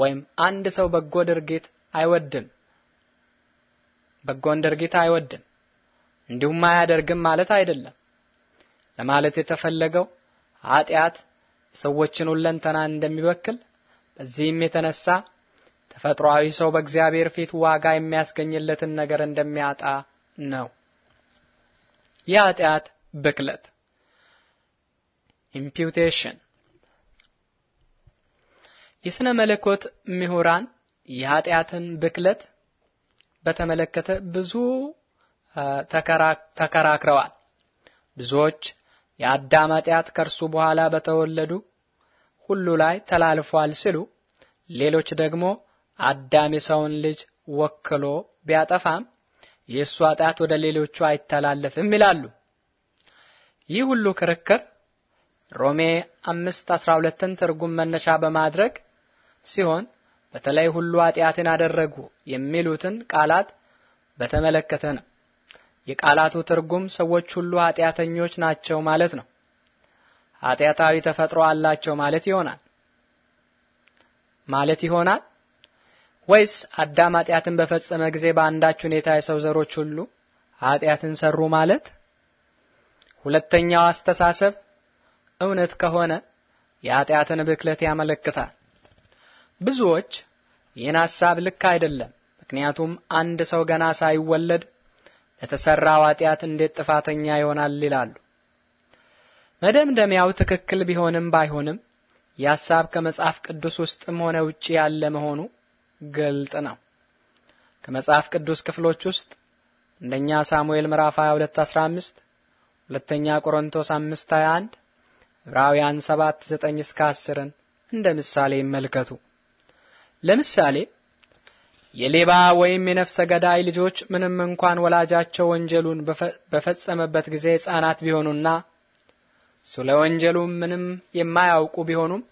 ወይም አንድ ሰው በጎ ድርጊት አይወድም። በጎን ድርጊት አይወድም እንዲሁም አያደርግም ማለት አይደለም። ለማለት የተፈለገው ኃጢአት የሰዎችን ሁለንተና እንደሚበክል በዚህም የተነሳ ተፈጥሯዊ ሰው በእግዚአብሔር ፊት ዋጋ የሚያስገኝለትን ነገር እንደሚያጣ ነው። የኃጢአት ብክለት ኢምፒውቴሽን የሥነ መለኮት ምሁራን የኃጢአትን ብክለት በተመለከተ ብዙ ተከራክረዋል። ብዙዎች የአዳም ኃጢአት ከእርሱ በኋላ በተወለዱ ሁሉ ላይ ተላልፏል ሲሉ፣ ሌሎች ደግሞ አዳም የሰውን ልጅ ወክሎ ቢያጠፋም የእሱ ኃጢአት ወደ ሌሎቹ አይተላለፍም ይላሉ። ይህ ሁሉ ክርክር ሮሜ 5:12ን ትርጉም መነሻ በማድረግ ሲሆን በተለይ ሁሉ ኃጢአትን አደረጉ የሚሉትን ቃላት በተመለከተ ነው። የቃላቱ ትርጉም ሰዎች ሁሉ ኃጢአተኞች ናቸው ማለት ነው። ኃጢአታዊ ተፈጥሮ አላቸው ማለት ይሆናል ማለት ይሆናል ወይስ አዳም ኃጢአትን በፈጸመ ጊዜ በአንዳች ሁኔታ የሰው ዘሮች ሁሉ ኃጢአትን ሰሩ ማለት? ሁለተኛው አስተሳሰብ እውነት ከሆነ የኃጢአትን ብክለት ያመለክታል። ብዙዎች ይህን ሐሳብ ልክ አይደለም፣ ምክንያቱም አንድ ሰው ገና ሳይወለድ ለተሰራው ኃጢአት እንዴት ጥፋተኛ ይሆናል ይላሉ። መደምደሚያው ትክክል ቢሆንም ባይሆንም ይህ ሐሳብ ከመጽሐፍ ቅዱስ ውስጥም ሆነ ውጪ ያለ መሆኑ ግልጥ ነው። ከመጽሐፍ ቅዱስ ክፍሎች ውስጥ አንደኛ ሳሙኤል ምዕራፍ 22 15፣ ሁለተኛ ቆሮንቶስ 5 21፣ ዕብራውያን 7 9 እስከ 10 እንደ ምሳሌ ይመልከቱ። ለምሳሌ የሌባ ወይም የነፍሰ ገዳይ ልጆች ምንም እንኳን ወላጃቸው ወንጀሉን በፈጸመበት ጊዜ ሕፃናት ቢሆኑና ስለ ወንጀሉ ምንም የማያውቁ ቢሆኑም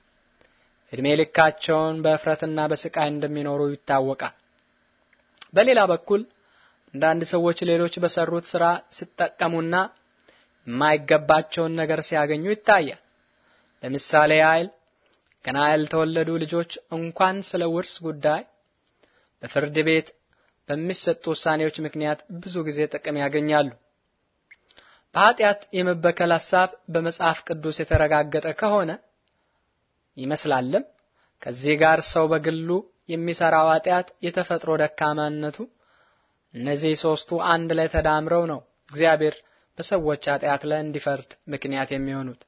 እድሜ ልካቸውን በእፍረትና በስቃይ እንደሚኖሩ ይታወቃል። በሌላ በኩል አንዳንድ ሰዎች ሌሎች በሰሩት ስራ ሲጠቀሙና የማይገባቸውን ነገር ሲያገኙ ይታያል። ለምሳሌ ያህል ገና ያልተወለዱ ልጆች እንኳን ስለ ውርስ ጉዳይ በፍርድ ቤት በሚሰጡ ውሳኔዎች ምክንያት ብዙ ጊዜ ጥቅም ያገኛሉ። በኃጢአት የመበከል ሐሳብ በመጽሐፍ ቅዱስ የተረጋገጠ ከሆነ ይመስላልም ከዚህ ጋር ሰው በግሉ የሚሰራው ኃጢአት የተፈጥሮ ደካማነቱ እነዚህ ሶስቱ አንድ ላይ ተዳምረው ነው እግዚአብሔር በሰዎች ኃጢአት ላይ እንዲፈርድ ምክንያት የሚሆኑት።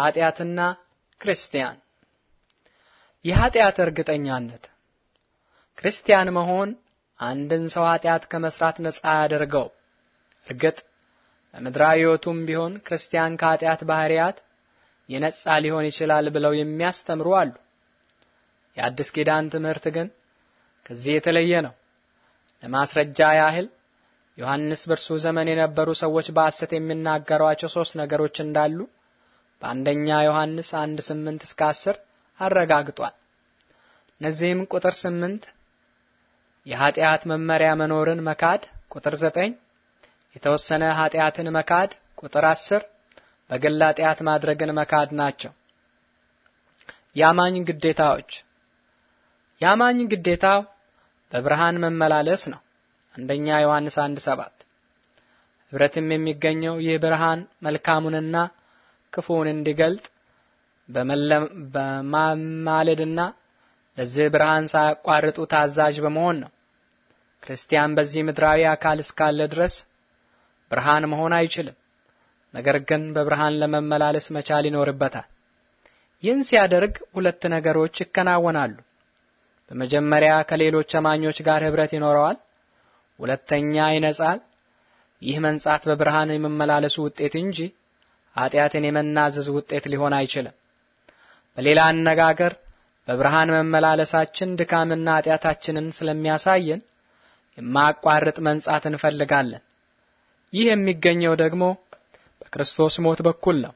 ኃጢአትና ክርስቲያን የኃጢአት እርግጠኛነት ክርስቲያን መሆን አንድን ሰው ኃጢአት ከመስራት ነፃ ያደርገው። እርግጥ በምድራዊ ሕይወቱም ቢሆን ክርስቲያን ከኃጢአት ባህሪያት የነጻ ሊሆን ይችላል ብለው የሚያስተምሩ አሉ። የአዲስ ኪዳን ትምህርት ግን ከዚህ የተለየ ነው። ለማስረጃ ያህል ዮሐንስ በእርሱ ዘመን የነበሩ ሰዎች በሐሰት የሚናገሯቸው ሶስት ነገሮች እንዳሉ በአንደኛ ዮሐንስ 1 8 እስከ 10 አረጋግጧል። እነዚህም ቁጥር 8 የኃጢአት መመሪያ መኖርን መካድ፣ ቁጥር 9 የተወሰነ ኃጢአትን መካድ፣ ቁጥር 10 በግል ኃጢአት ማድረግን መካድ ናቸው። የአማኝ ግዴታዎች የአማኝ ግዴታው በብርሃን መመላለስ ነው። አንደኛ ዮሐንስ 1 7 ህብረትም የሚገኘው ይህ ብርሃን መልካሙንና ክፉውን እንዲገልጥ በማማለድና ለዚህ ብርሃን ሳያቋርጡ ታዛዥ በመሆን ነው። ክርስቲያን በዚህ ምድራዊ አካል እስካለ ድረስ ብርሃን መሆን አይችልም። ነገር ግን በብርሃን ለመመላለስ መቻል ይኖርበታል። ይህን ሲያደርግ ሁለት ነገሮች ይከናወናሉ። በመጀመሪያ ከሌሎች አማኞች ጋር ህብረት ይኖረዋል። ሁለተኛ ይነጻል። ይህ መንጻት በብርሃን የመመላለሱ ውጤት እንጂ ኃጢአትን የመናዘዝ ውጤት ሊሆን አይችልም። በሌላ አነጋገር በብርሃን መመላለሳችን ድካምና ኃጢአታችንን ስለሚያሳየን የማያቋርጥ መንጻት እንፈልጋለን። ይህ የሚገኘው ደግሞ በክርስቶስ ሞት በኩል ነው።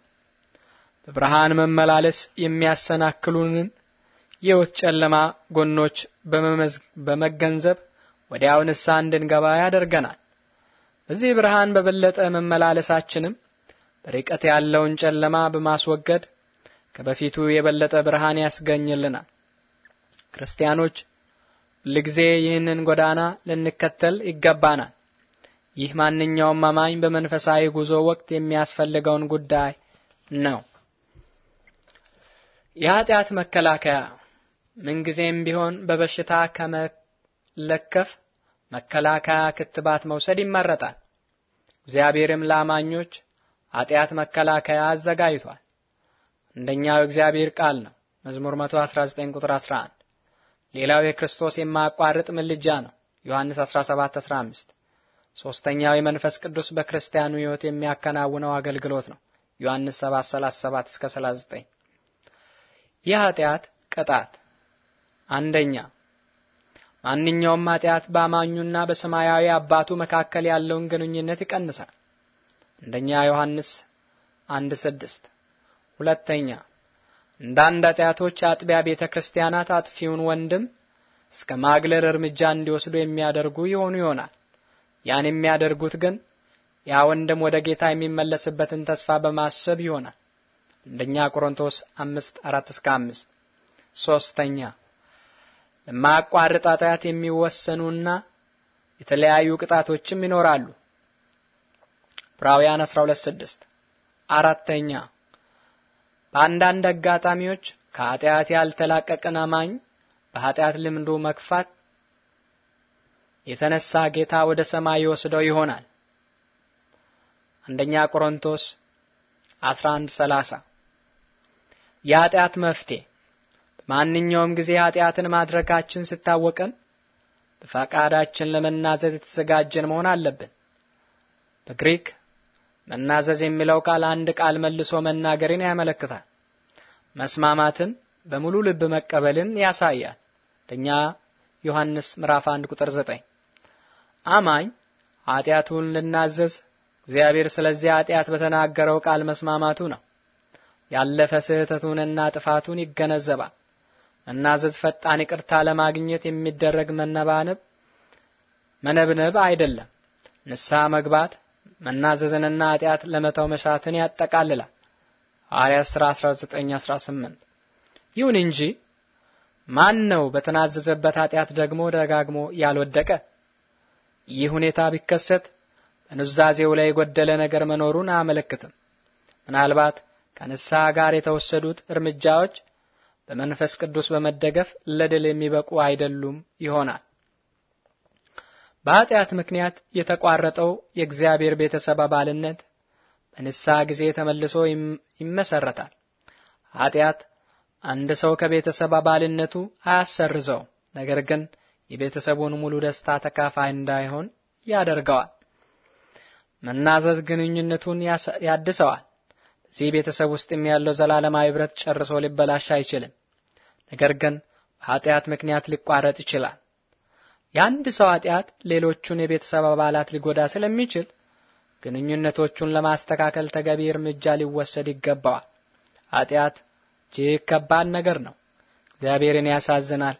በብርሃን መመላለስ የሚያሰናክሉንን የሕይወት ጨለማ ጎኖች በመገንዘብ ወዲያው ንስሐ እንድንገባ ያደርገናል። በዚህ ብርሃን በበለጠ መመላለሳችንም ርቀት ያለውን ጨለማ በማስወገድ ከበፊቱ የበለጠ ብርሃን ያስገኝልናል። ክርስቲያኖች ሁልጊዜ ይህንን ጎዳና ልንከተል ይገባናል። ይህ ማንኛውም አማኝ በመንፈሳዊ ጉዞ ወቅት የሚያስፈልገውን ጉዳይ ነው። የኃጢአት መከላከያ ምንጊዜም ቢሆን በበሽታ ከመለከፍ መከላከያ ክትባት መውሰድ ይመረጣል። እግዚአብሔርም ለአማኞች ኃጢአት መከላከያ አዘጋጅቷል። አንደኛው የእግዚአብሔር ቃል ነው፣ መዝሙር 119 ቁጥር 11። ሌላው የክርስቶስ የማያቋርጥ ምልጃ ነው፣ ዮሐንስ 17 15። ሶስተኛው የመንፈስ ቅዱስ በክርስቲያኑ ሕይወት የሚያከናውነው አገልግሎት ነው፣ ዮሐንስ 737 እስከ 39። የኃጢአት ቅጣት አንደኛ ማንኛውም ኃጢአት በአማኙና በሰማያዊ አባቱ መካከል ያለውን ግንኙነት ይቀንሳል። አንደኛ ዮሐንስ አንድ ስድስት ሁለተኛ አንዳንድ አጥያቶች አጥቢያ ቤተክርስቲያናት አጥፊውን ወንድም እስከ ማግለል እርምጃ እንዲወስዱ የሚያደርጉ ይሆኑ ይሆናል። ያን የሚያደርጉት ግን ያ ወንድም ወደ ጌታ የሚመለስበትን ተስፋ በማሰብ ይሆናል። አንደኛ ቆሮንቶስ 5 4 እስከ 5 ሶስተኛ ለማያቋርጥ ኃጢአት የሚወሰኑና የተለያዩ ቅጣቶችም ይኖራሉ። ዕብራውያን 6 አራተኛ በአንዳንድ አጋጣሚዎች ከኃጢአት ያልተላቀቀን አማኝ በኃጢአት ልምዱ መክፋት የተነሳ ጌታ ወደ ሰማይ ይወስደው ይሆናል። አንደኛ ቆሮንቶስ 11:30 የኃጢአት መፍትሄ በማንኛውም ጊዜ ኃጢአትን ማድረጋችን ስታወቀን በፈቃዳችን ለመናዘዝ የተዘጋጀን መሆን አለብን። በግሪክ መናዘዝ የሚለው ቃል አንድ ቃል መልሶ መናገርን ያመለክታል። መስማማትን በሙሉ ልብ መቀበልን ያሳያል። አንደኛ ዮሐንስ ምዕራፍ 1 ቁጥር 9 አማኝ ኃጢአቱን ልናዘዝ እግዚአብሔር ስለዚህ ኃጢአት በተናገረው ቃል መስማማቱ ነው። ያለፈ ስህተቱንና ጥፋቱን ይገነዘባል። መናዘዝ ፈጣን ይቅርታ ለማግኘት የሚደረግ መነባነብ መነብነብ አይደለም። ንስሐ መግባት መናዘዝንና ኃጢአት ለመተው መሻትን ያጠቃልላል። ሐዋርያት ሥራ 19:18 ይሁን እንጂ ማን ነው በተናዘዘበት ኃጢአት ደግሞ ደጋግሞ ያልወደቀ? ይህ ሁኔታ ቢከሰት በኑዛዜው ላይ የጎደለ ነገር መኖሩን አያመለክትም። ምናልባት ከንስሐ ጋር የተወሰዱት እርምጃዎች በመንፈስ ቅዱስ በመደገፍ ለድል የሚበቁ አይደሉም ይሆናል። በኃጢአት ምክንያት የተቋረጠው የእግዚአብሔር ቤተሰብ አባልነት በንስሐ ጊዜ ተመልሶ ይመሰረታል። ኃጢአት አንድ ሰው ከቤተሰብ አባልነቱ አያሰርዘው፣ ነገር ግን የቤተሰቡን ሙሉ ደስታ ተካፋይ እንዳይሆን ያደርገዋል። መናዘዝ ግንኙነቱን ያድሰዋል። በዚህ ቤተሰብ ውስጥም ያለው ዘላለማዊ ህብረት ጨርሶ ሊበላሽ አይችልም፣ ነገር ግን በኃጢአት ምክንያት ሊቋረጥ ይችላል። የአንድ ሰው ኃጢአት ሌሎቹን የቤተሰብ አባላት ሊጎዳ ስለሚችል ግንኙነቶቹን ለማስተካከል ተገቢ እርምጃ ሊወሰድ ይገባዋል። ኃጢአት እጅግ ከባድ ነገር ነው። እግዚአብሔርን ያሳዝናል፣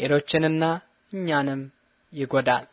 ሌሎችንና እኛንም ይጎዳል።